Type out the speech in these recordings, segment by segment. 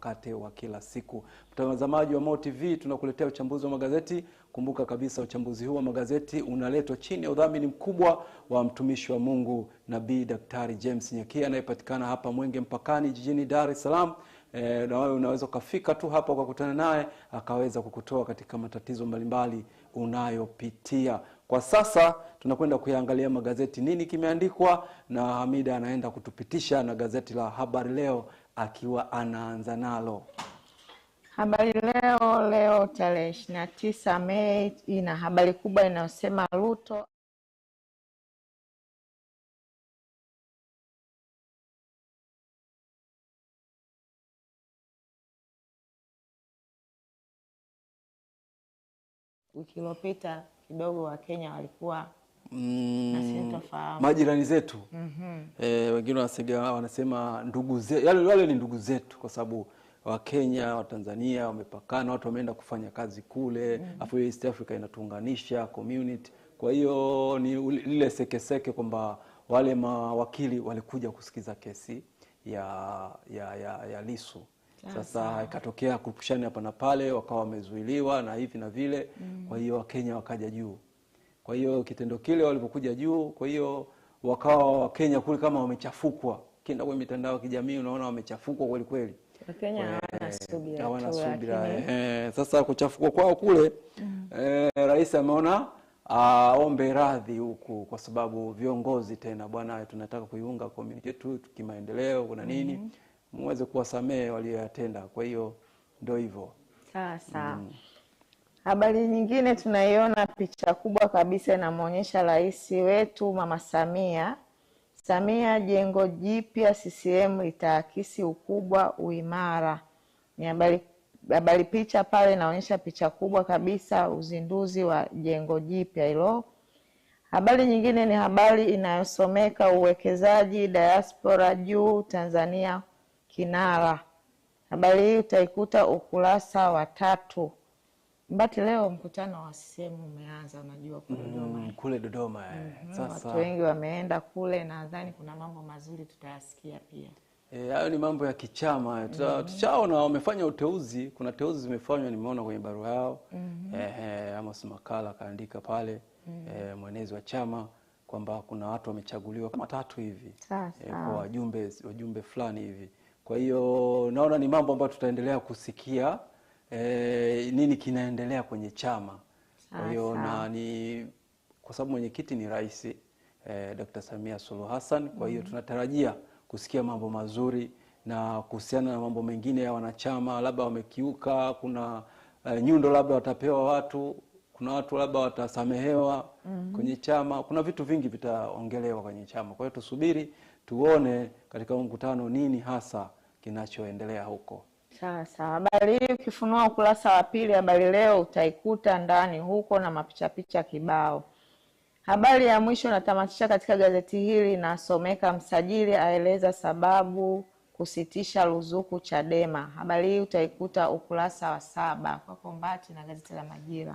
mkate wa kila siku. Mtazamaji wa Mo TV, tunakuletea uchambuzi wa magazeti. Kumbuka kabisa uchambuzi huu wa magazeti unaletwa chini ya udhamini mkubwa wa mtumishi wa Mungu Nabii Daktari James Nyakia anayepatikana hapa Mwenge mpakani jijini Dar es Salaam. E, na wewe unaweza ukafika tu hapa ukakutana naye akaweza kukutoa katika matatizo mbalimbali unayopitia kwa sasa. Tunakwenda kuyaangalia magazeti, nini kimeandikwa, na Hamida anaenda kutupitisha na gazeti la Habari Leo akiwa anaanza nalo. Habari Leo leo tarehe ishirini na tisa Mei ina habari kubwa inayosema Ruto Wiki iliyopita kidogo Wakenya walikuwa mm, majirani zetu mm -hmm. E, wengine wanasema ndugu zetu, yale wale ni ndugu zetu kwa sababu Wakenya, Watanzania wamepakana, watu wameenda kufanya kazi kule mm -hmm. Afu East Africa inatuunganisha community. Kwa hiyo ni lile sekeseke kwamba wale mawakili walikuja kusikiza kesi ya, ya, ya, ya Lisu. sasa ikatokea kurupushani hapa na pale, wakawa wamezuiliwa na hivi na vile mm. Kwa hiyo Wakenya wakaja juu kwa hiyo kitendo kile walivyokuja juu, kwa hiyo wakawa Wakenya kule kama wamechafukwa. Kienda kwenye mitandao ya kijamii unaona wamechafukwa kweli kweli, Wakenya subira eh, eh, Sasa kuchafukwa kwao kule mm. e, rais ameona aombe radhi huku, kwa sababu viongozi tena, bwana, tunataka kuiunga komuniti yetu kimaendeleo, kuna nini mm. muweze kuwasamehe walioyatenda. Kwa hiyo ndo hivyo sawa mm. Habari nyingine tunaiona picha kubwa kabisa inamwonyesha rais wetu Mama Samia. Samia, jengo jipya CCM litaakisi ukubwa, uimara. Ni habari habari, picha pale inaonyesha picha kubwa kabisa, uzinduzi wa jengo jipya hilo. Habari nyingine ni habari inayosomeka uwekezaji diaspora juu, Tanzania kinara. Habari hii utaikuta ukurasa wa tatu. Mbati leo mkutano wa sehemu umeanza, unajua mm, kule Dodoma eh, mm, kule Dodoma mm -hmm. Sasa watu wengi wameenda kule, nadhani kuna mambo mazuri tutayasikia pia. Eh, hayo e, ni mambo ya kichama mhm. tushaona. mm -hmm. Wamefanya uteuzi, kuna teuzi zimefanywa, nimeona kwenye barua yao mm -hmm. E, Amos Makala akaandika pale mm -hmm. E, mwenezi wa chama kwamba kuna watu wamechaguliwa kama tatu hivi e, kwa wajumbe wajumbe fulani hivi. Kwa hiyo naona ni mambo ambayo tutaendelea kusikia e, nini kinaendelea kwenye chama. Kwa hiyo ah, na ni kwa sababu mwenyekiti ni rais e, eh, Dr. Samia Suluhu Hassan. Kwa hiyo mm -hmm. tunatarajia kusikia mambo mazuri na kuhusiana na mambo mengine ya wanachama, labda wamekiuka, kuna e, nyundo labda watapewa watu kuna watu labda watasamehewa mm -hmm. kwenye chama. Kuna vitu vingi vitaongelewa kwenye chama, kwa hiyo tusubiri tuone katika mkutano nini hasa kinachoendelea huko sawa, habari hii ukifunua ukurasa wa pili habari leo utaikuta ndani huko na mapichapicha kibao. Habari ya mwisho natamatisha katika gazeti hili nasomeka, msajili aeleza sababu kusitisha ruzuku Chadema. Habari hii utaikuta ukurasa wa saba. Kwa kombati na gazeti la Majira.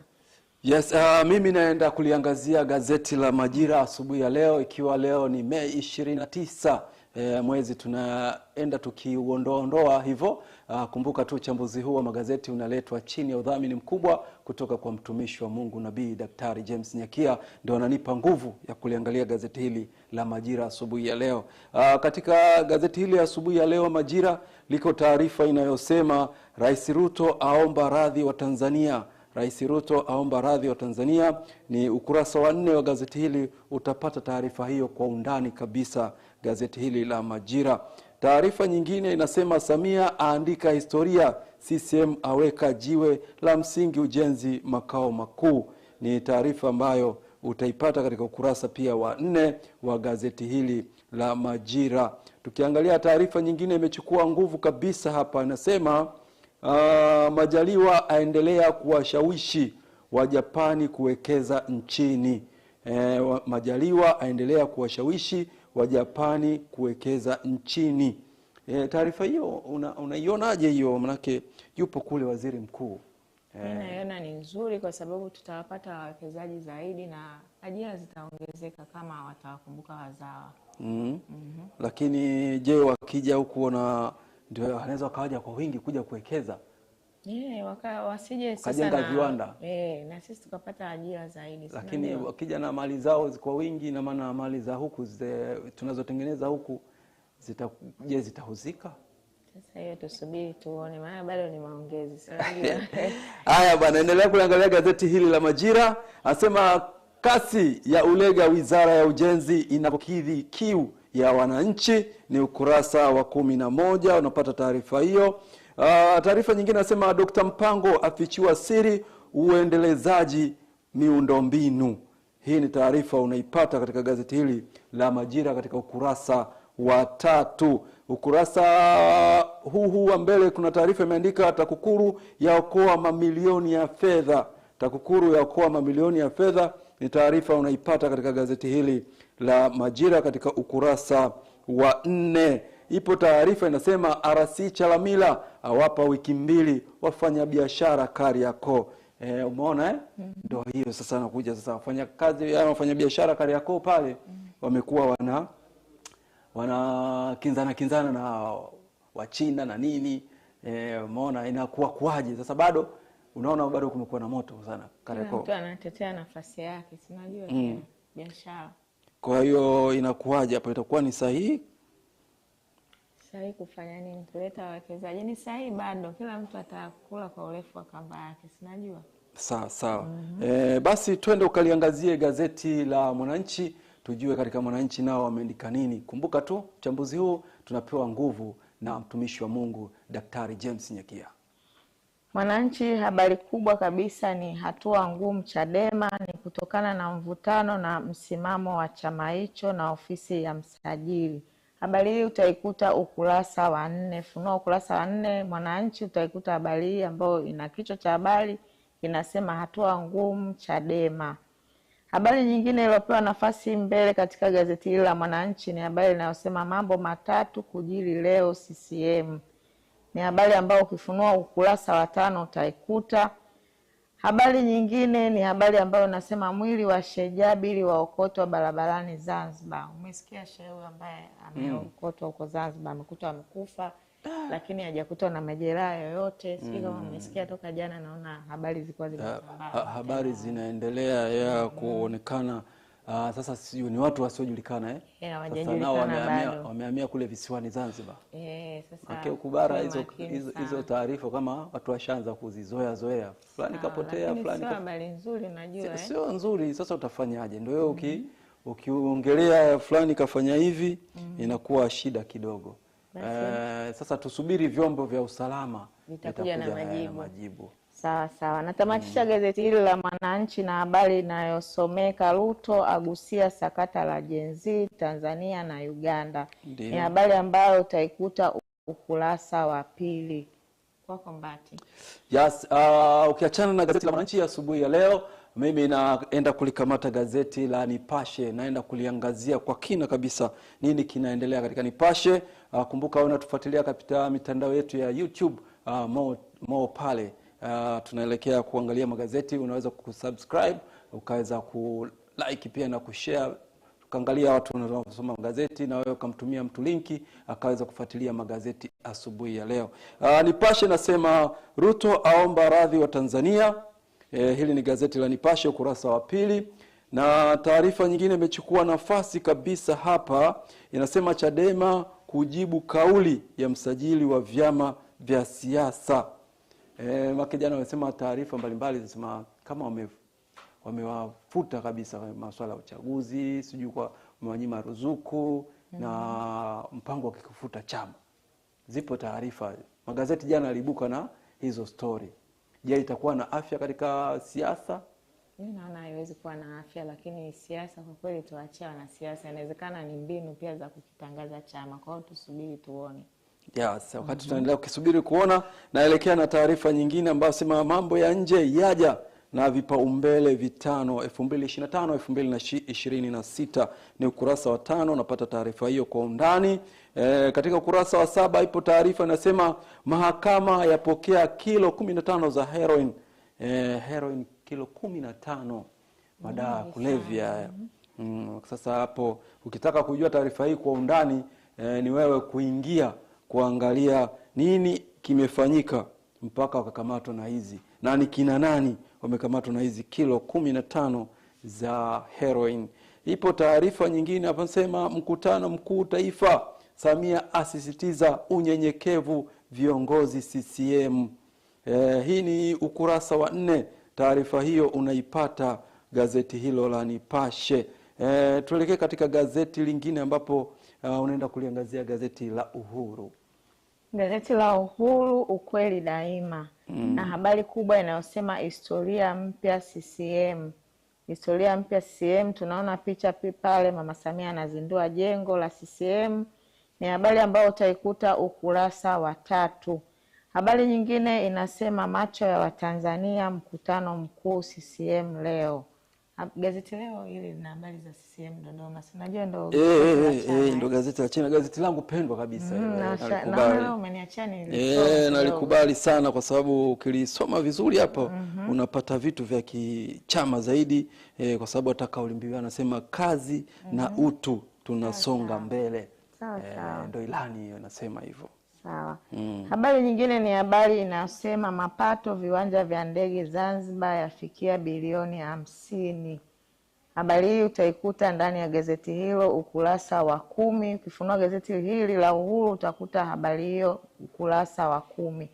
Yes, uh, mimi naenda kuliangazia gazeti la Majira asubuhi ya leo, ikiwa leo ni Mei ishirini na tisa e, mwezi tunaenda tukiuondoaondoa hivyo. Ah, kumbuka tu uchambuzi huu wa magazeti unaletwa chini ya udhamini mkubwa kutoka kwa mtumishi wa Mungu nabii Daktari James Nyakia, ndio ananipa nguvu ya kuliangalia gazeti hili la Majira asubuhi ya leo. Uh, katika gazeti hili asubuhi ya leo Majira liko taarifa inayosema Rais Ruto aomba radhi wa Tanzania Rais Ruto aomba radhi wa Tanzania. Ni ukurasa wa nne wa gazeti hili, utapata taarifa hiyo kwa undani kabisa, gazeti hili la Majira. Taarifa nyingine inasema Samia aandika historia, CCM aweka jiwe la msingi ujenzi makao makuu. Ni taarifa ambayo utaipata katika ukurasa pia wa nne wa gazeti hili la Majira. Tukiangalia taarifa nyingine imechukua nguvu kabisa hapa, inasema uh, Majaliwa aendelea kuwashawishi Wajapani kuwekeza nchini. E, Majaliwa aendelea kuwashawishi Wajapani kuwekeza nchini. E, taarifa hiyo unaionaje? Una hiyo manake yupo kule waziri mkuu eh. naiona ni nzuri kwa sababu tutawapata wawekezaji zaidi na ajira zitaongezeka kama watawakumbuka wazawa. mm -hmm. Mm -hmm. Lakini je, wakija huku wana ndio wanaweza wakawaja kwa wingi kuja kuwekeza yeah, waka, wasije viwanda eh, na sisi tukapata ajira zaidi, lakini wakija na mali zao kwa wingi, na maana mali za huku tunazotengeneza huku zita, je, zitahusika? Sasa hiyo tusubiri tuone, maana bado ni maongezi. Haya bwana, endelea kuliangalia gazeti hili la Majira. Anasema kasi ya ulega wizara ya ujenzi inapokidhi kiu ya wananchi, ni ukurasa wa kumi na moja unapata taarifa hiyo. Ah, taarifa nyingine nasema Dkt. Mpango afichiwa siri uendelezaji miundombinu. Hii ni taarifa unaipata katika gazeti hili la Majira katika ukurasa wa tatu. Ukurasa huu huu wa mbele kuna taarifa imeandika TAKUKURU yaokoa mamilioni ya fedha. TAKUKURU yaokoa mamilioni ya fedha ni taarifa unaipata katika gazeti hili la Majira katika ukurasa wa nne. Ipo taarifa inasema RC Chalamila awapa wiki mbili wafanyabiashara kariaco E, umeona eh? mm -hmm. Ndio hiyo sasa nakuja sasa wafanyakazi wafanyabiashara Kariakoo pale mm -hmm. wamekuwa wana wana kinzana kinzana na Wachina na nini e, umeona inakuwa kuaje sasa bado unaona bado kumekuwa na moto sana Kariakoo. Mtu anatetea nafasi yake, si unajua mm. biashara. Kwa hiyo inakuwaje hapo, itakuwa ni sahihi sahihi kufanya nini, kuleta wawekezaji? Ni sahihi bado, kila mtu atakula kwa urefu wa kamba yake, si unajua. Sawa sawa. mm -hmm. E, basi twende ukaliangazie gazeti la Mwananchi tujue katika Mwananchi nao wameandika nini. Kumbuka tu mchambuzi huu tunapewa nguvu na mtumishi wa Mungu Daktari James Nyakia. Mwananchi, habari kubwa kabisa ni hatua ngumu Chadema ni kutokana na mvutano na msimamo wa chama hicho na ofisi ya msajili. Habari hii utaikuta ukurasa wa nne, funua ukurasa wa nne Mwananchi, utaikuta habari hii ambayo ina kichwa cha habari inasema hatua ngumu Chadema. Habari nyingine iliyopewa nafasi mbele katika gazeti hili la Mwananchi ni habari inayosema mambo matatu kujiri leo CCM ni habari ambayo ukifunua ukurasa wa tano utaikuta. Habari nyingine ni habari ambayo nasema mwili wa Sheikh Jabir waokotwa barabarani Zanzibar. Umesikia shehe huyo ambaye ameokotwa huko Zanzibar, amekutwa amekufa ah. lakini hajakutwa na majeraha yoyote. Sijui kama mm. umesikia toka jana, naona habari zilikuwa zinasambaa, habari zinaendelea ya kuonekana Ah, sasa sio ni watu wasiojulikana eh? Yeah, eh, wamehamia wamehamia kule visiwani Zanzibar. Eh, sasa ukubara hizo hizo, hizo taarifa kama watu washaanza kuzizoea zoea. Fulani ah, kapotea, fulani sio habari nzuri najua. Eh. Sio nzuri, sasa utafanyaje? Ndio wewe uki mhm. ukiongelea fulani kafanya hivi mm inakuwa shida kidogo. Eh, sasa tusubiri vyombo vya usalama vitakuja na majibu. Sawa sawa. Natamatisha mm. gazeti hili la Mwananchi na habari inayosomeka Ruto agusia sakata la Gen Z Tanzania na Uganda. Ndiyo. Ni habari ambayo utaikuta ukurasa wa pili. Kwako Mbati. Yes, uh, ukiachana na gazeti la Mwananchi asubuhi ya, ya leo mimi naenda kulikamata gazeti la Nipashe, naenda kuliangazia kwa kina kabisa nini kinaendelea katika Nipashe. Uh, kumbuka unatufuatilia katika mitandao yetu ya YouTube uh, mo, mo pale uh, tunaelekea kuangalia magazeti. Unaweza kusubscribe ukaweza kulike pia na kushare, tukaangalia watu wanaosoma magazeti, na wewe ukamtumia mtu linki akaweza kufuatilia magazeti asubuhi ya leo. Uh, Nipashe nasema Ruto aomba radhi wa Tanzania. Eh, hili ni gazeti la Nipashe ukurasa wa pili na taarifa nyingine imechukua nafasi kabisa hapa, inasema Chadema kujibu kauli ya msajili wa vyama vya siasa. E, wakijana wamesema taarifa mbalimbali zinasema kama wame wamewafuta kabisa masuala ya uchaguzi, sijui kwa wamewanyima ruzuku mm. na mm-hmm. mpango wa kikufuta chama. Zipo taarifa magazeti jana aliibuka na hizo stori. Je, itakuwa na afya katika siasa? Mimi naona haiwezi kuwa na afya, lakini siasa kwa kweli tuachie wanasiasa. Inawezekana ni mbinu pia za kukitangaza chama, kwa hiyo tusubiri tuone. Yes, wakati mm -hmm. tunaendelea ukisubiri kuona, naelekea na taarifa nyingine ambayo sema mambo ya nje yaja na vipaumbele vitano 2025 2026 ni ukurasa wa tano. Unapata taarifa hiyo kwa undani e, katika ukurasa wa saba ipo taarifa inasema mahakama yapokea kilo 15 za heroin e, heroin kilo 15 madawa ya kulevya mm, sasa hapo ukitaka kujua taarifa hii kwa undani e, ni wewe kuingia kuangalia nini kimefanyika mpaka wakakamatwa na hizi na ni kina nani wamekamatwa na hizi kilo kumi na tano za heroin. Ipo taarifa nyingine aposema mkutano mkuu taifa, Samia asisitiza unyenyekevu viongozi CCM. E, eh, hii ni ukurasa wa nne, taarifa hiyo unaipata gazeti hilo la Nipashe. E, tuelekee katika gazeti lingine ambapo uh, unaenda kuliangazia gazeti la Uhuru. Gazeti la Uhuru, ukweli daima mm. na habari kubwa inayosema historia mpya CCM historia mpya CCM. Tunaona picha pale Mama Samia anazindua jengo la CCM. Ni habari ambayo utaikuta ukurasa wa tatu. Habari nyingine inasema macho ya Watanzania, mkutano mkuu CCM leo. Gazeti leo hili lina habari za CCM Dodoma. Si unajua ndo eh eh, eh, eh ndo gazeti la China, gazeti langu pendwa kabisa. Mm, eh, nalikubali. eh, nalikubali sana kwa sababu ukilisoma vizuri hapo mm -hmm. unapata vitu vya kichama zaidi eh, kwa sababu hata kauli mbiu anasema kazi mm -hmm. na mhm. utu tunasonga mbele. Sawa sawa. Eh, ndo ilani hiyo nasema hivyo sawa. Mm. Habari nyingine ni habari inasema mapato viwanja vya ndege Zanzibar yafikia bilioni hamsini. Habari hii utaikuta ndani ya gazeti hilo ukurasa wa kumi. Ukifunua gazeti hili la Uhuru utakuta habari hiyo ukurasa wa kumi.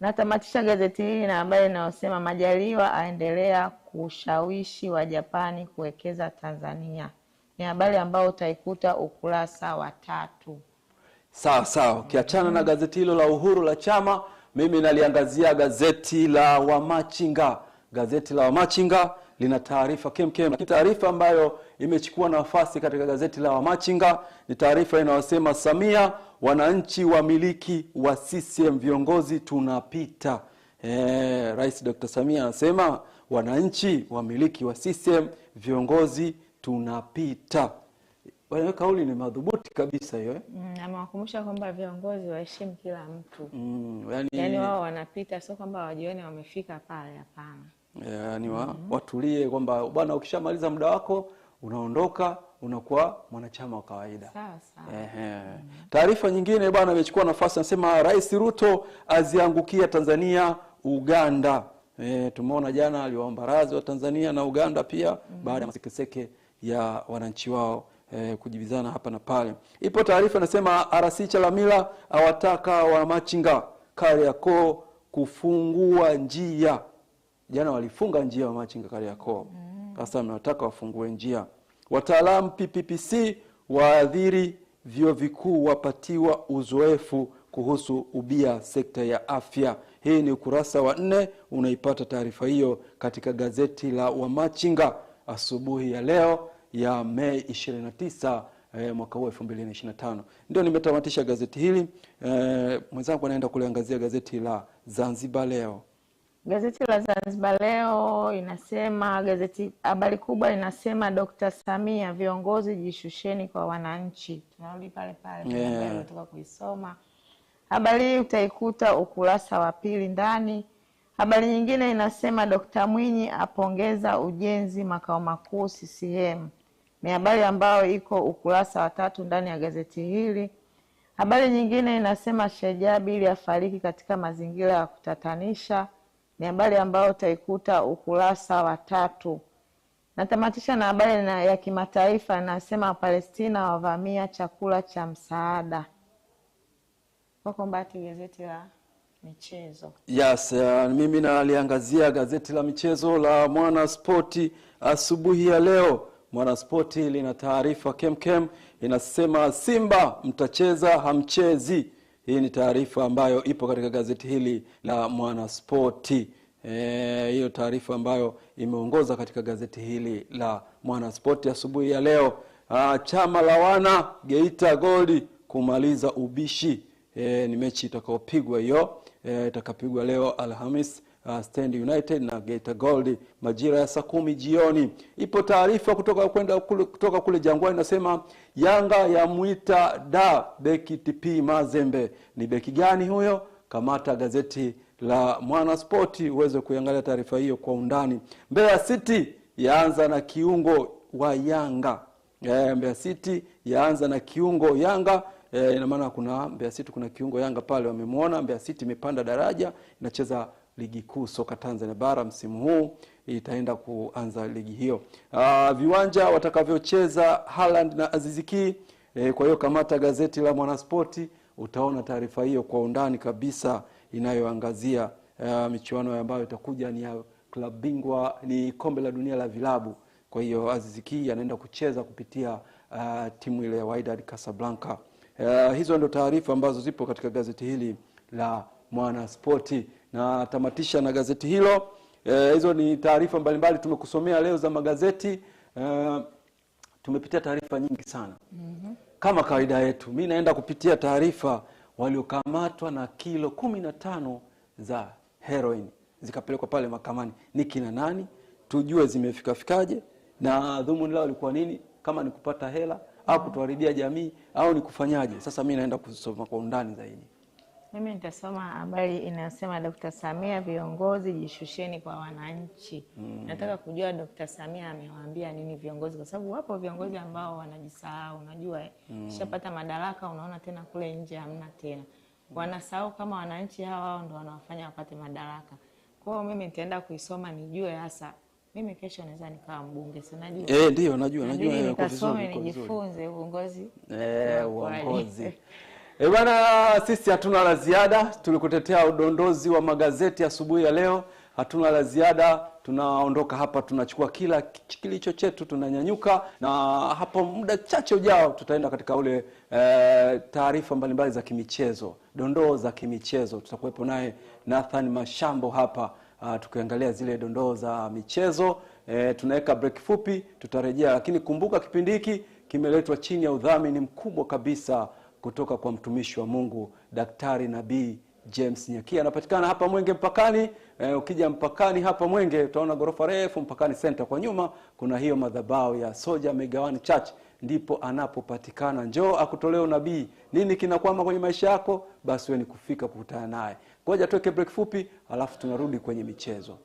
Natamatisha gazeti hili na habari inayosema Majaliwa aendelea kushawishi wa Japani kuwekeza Tanzania. Ni habari ambayo utaikuta ukurasa wa tatu. Sawa sawa, ukiachana na gazeti hilo la Uhuru la chama, mimi naliangazia gazeti la Wamachinga. Gazeti la Wamachinga lina taarifa kemkem, lakini taarifa ambayo imechukua nafasi katika gazeti la Wamachinga ni taarifa inayosema Samia, wananchi, wamiliki wa CCM, viongozi tunapita. Eh, Rais Dr. Samia anasema wananchi, wamiliki wa CCM, viongozi tunapita. Bwana, kauli ni madhubuti kabisa hiyo eh? Mm, amewakumbusha kwamba viongozi waheshimu kila mtu mm, yani... yani wao wanapita, sio kwamba wajione wamefika pale, hapana. Yani wa, mm -hmm. Watulie kwamba bwana, ukishamaliza muda wako unaondoka unakuwa mwanachama wa kawaida. Mm. Taarifa nyingine bwana imechukua nafasi, anasema Rais Ruto aziangukia Tanzania Uganda. E, tumeona jana aliwaomba radhi wa Tanzania na Uganda pia mm -hmm. baada ya masekeseke ya wananchi wao eh, kujibizana hapa na pale. Ipo taarifa inasema RC Chalamila awataka wamachinga Kariakoo kufungua njia. Jana walifunga njia wamachinga Kariakoo, mm. sasa mm. mnawataka wafungue njia. Wataalamu PPPC waadhiri vyuo vikuu wapatiwa uzoefu kuhusu ubia sekta ya afya. Hii ni ukurasa wa nne, unaipata taarifa hiyo katika gazeti la Wamachinga asubuhi ya leo ya Mei 29 eh, mwaka huu 2025. Ndio nimetamatisha gazeti hili eh, mwenzangu anaenda kuliangazia gazeti la Zanzibar Leo. Gazeti la Zanzibar Leo inasema gazeti, habari kubwa inasema Dr. Samia, viongozi jishusheni kwa wananchi. Tunarudi pale pale, yeah. kuisoma habari hii utaikuta ukurasa wa pili ndani. Habari nyingine inasema Dr. Mwinyi apongeza ujenzi makao makuu CCM. Ni habari ambayo iko ukurasa wa tatu ndani ya gazeti hili. Habari nyingine inasema Shajabili afariki katika mazingira ya kutatanisha. Ni habari ambayo utaikuta ukurasa wa tatu. Natamatisha na habari na ya kimataifa inasema Wapalestina wavamia chakula cha msaada. Kwako gazeti la michezo. Yes, uh, mimi naliangazia gazeti la michezo la Mwanaspoti asubuhi ya leo Mwanaspoti lina taarifa kemkem, inasema Simba mtacheza hamchezi. Hii ni taarifa ambayo ipo katika gazeti hili la Mwanaspoti. E, hiyo taarifa ambayo imeongoza katika gazeti hili la Mwanaspoti asubuhi ya, ya leo. A, ah, chama la wana Geita goldi kumaliza ubishi. E, ni mechi itakaopigwa hiyo, e, itakapigwa leo Alhamis uh, Stand United na geta Gold majira ya saa kumi jioni. Ipo taarifa kutoka kwenda kule, kutoka kule Jangwani nasema Yanga yamwita da beki TP Mazembe. Ni beki gani huyo? Kamata gazeti la Mwanaspoti uweze kuiangalia taarifa hiyo kwa undani. Mbeya City yaanza na kiungo wa Yanga. E, Mbeya City yaanza na kiungo Yanga. E, ina maana kuna Mbeya City kuna kiungo Yanga pale, wamemwona Mbeya City imepanda daraja inacheza ligi kuu soka Tanzania bara msimu huu itaenda kuanza ligi hiyo. Aa, ah, viwanja watakavyocheza haland na Aziziki. E, eh, kwa hiyo kamata gazeti la Mwanaspoti utaona taarifa hiyo kwa undani kabisa inayoangazia uh, michuano ambayo itakuja ni ya klabu bingwa, ni kombe la dunia la vilabu. Kwa hiyo Aziziki anaenda kucheza kupitia uh, timu ile ya Wydad Casablanca. Uh, hizo ndio taarifa ambazo zipo katika gazeti hili la Mwanaspoti na tamatisha na gazeti hilo. Eh, hizo e, ni taarifa mbalimbali tumekusomea leo za magazeti e, tumepitia taarifa nyingi sana mm -hmm. Kama kawaida yetu, mi naenda kupitia taarifa waliokamatwa na kilo kumi na tano za heroin zikapelekwa pale mahakamani ni kina nani, tujue zimefikafikaje na dhumuni lao likuwa nini, kama ni kupata hela au mm. kutuharibia jamii au ni kufanyaje? Sasa mi naenda kusoma kwa undani zaidi. Mimi nitasoma habari inasema Dkt. Samia, viongozi jishusheni kwa wananchi. Mm. Nataka kujua Dkt. Samia amewaambia nini viongozi, kwa sababu wapo viongozi ambao wanajisahau. Unajua eh. mm. shapata madaraka, unaona tena kule nje hamna tena, wanasahau kama wananchi hawa wao ndo wanawafanya wapate madaraka. Kwa hiyo mimi nitaenda kuisoma nijue hasa mimi kesho naweza nikawa mbunge, si najua Eh, ndio najua, najua. Nikasome nijifunze uongozi. Eh, uongozi. E bwana, sisi hatuna la ziada, tulikutetea udondozi wa magazeti asubuhi ya, ya leo. Hatuna la ziada, tunaondoka hapa, tunachukua kila kilicho chetu, tunanyanyuka, na hapo muda chache ujao tutaenda katika ule e, taarifa mbalimbali za kimichezo, dondoo za kimichezo. Tutakuwepo naye Nathan Mashambo hapa a, ah, tukiangalia zile dondoo za michezo e, tunaweka break fupi, tutarejea, lakini kumbuka kipindi hiki kimeletwa chini ya udhamini mkubwa kabisa kutoka kwa mtumishi wa Mungu Daktari Nabii James Nyakia, anapatikana hapa Mwenge mpakani. E, ukija mpakani hapa Mwenge utaona ghorofa refu, mpakani center kwa nyuma kuna hiyo madhabahu ya Soja Megawani Church, ndipo anapopatikana. Njoo akutolea unabii. Nini kinakwama kwenye maisha yako? Basi wewe ni kufika kukutana naye. Ngoja tuweke break fupi, alafu tunarudi kwenye michezo.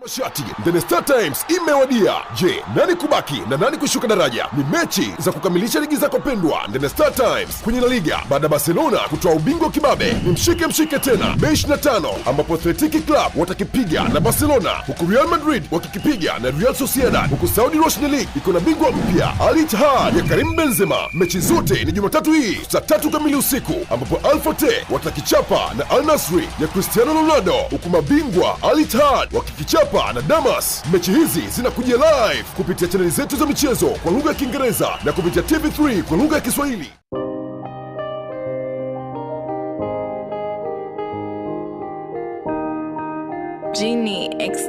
Mashati The Star Times imewadia. Je, nani kubaki na nani kushuka daraja? Ni mechi za kukamilisha ligi zako pendwa The Star Times kwenye La Liga. Baada ya Barcelona kutoa ubingwa wa kibabe, ni mshike mshike tena Mei 25 ambapo Athletic Club watakipiga na Barcelona, huku Real Madrid wakikipiga na Real Sociedad, huku Saudi Roshni League iko na bingwa mpya Al Ittihad ya Karim Benzema. Mechi zote ni Jumatatu hii saa tatu kamili usiku ambapo Al Fateh watakichapa na Al Nassr ya Cristiano Ronaldo, huku mabingwa Al Ittihad wakikichapa hapa na Damas. Mechi hizi zinakujia live kupitia chaneli zetu za michezo kwa lugha ya Kiingereza na kupitia TV3 kwa lugha ya Kiswahili. Genie X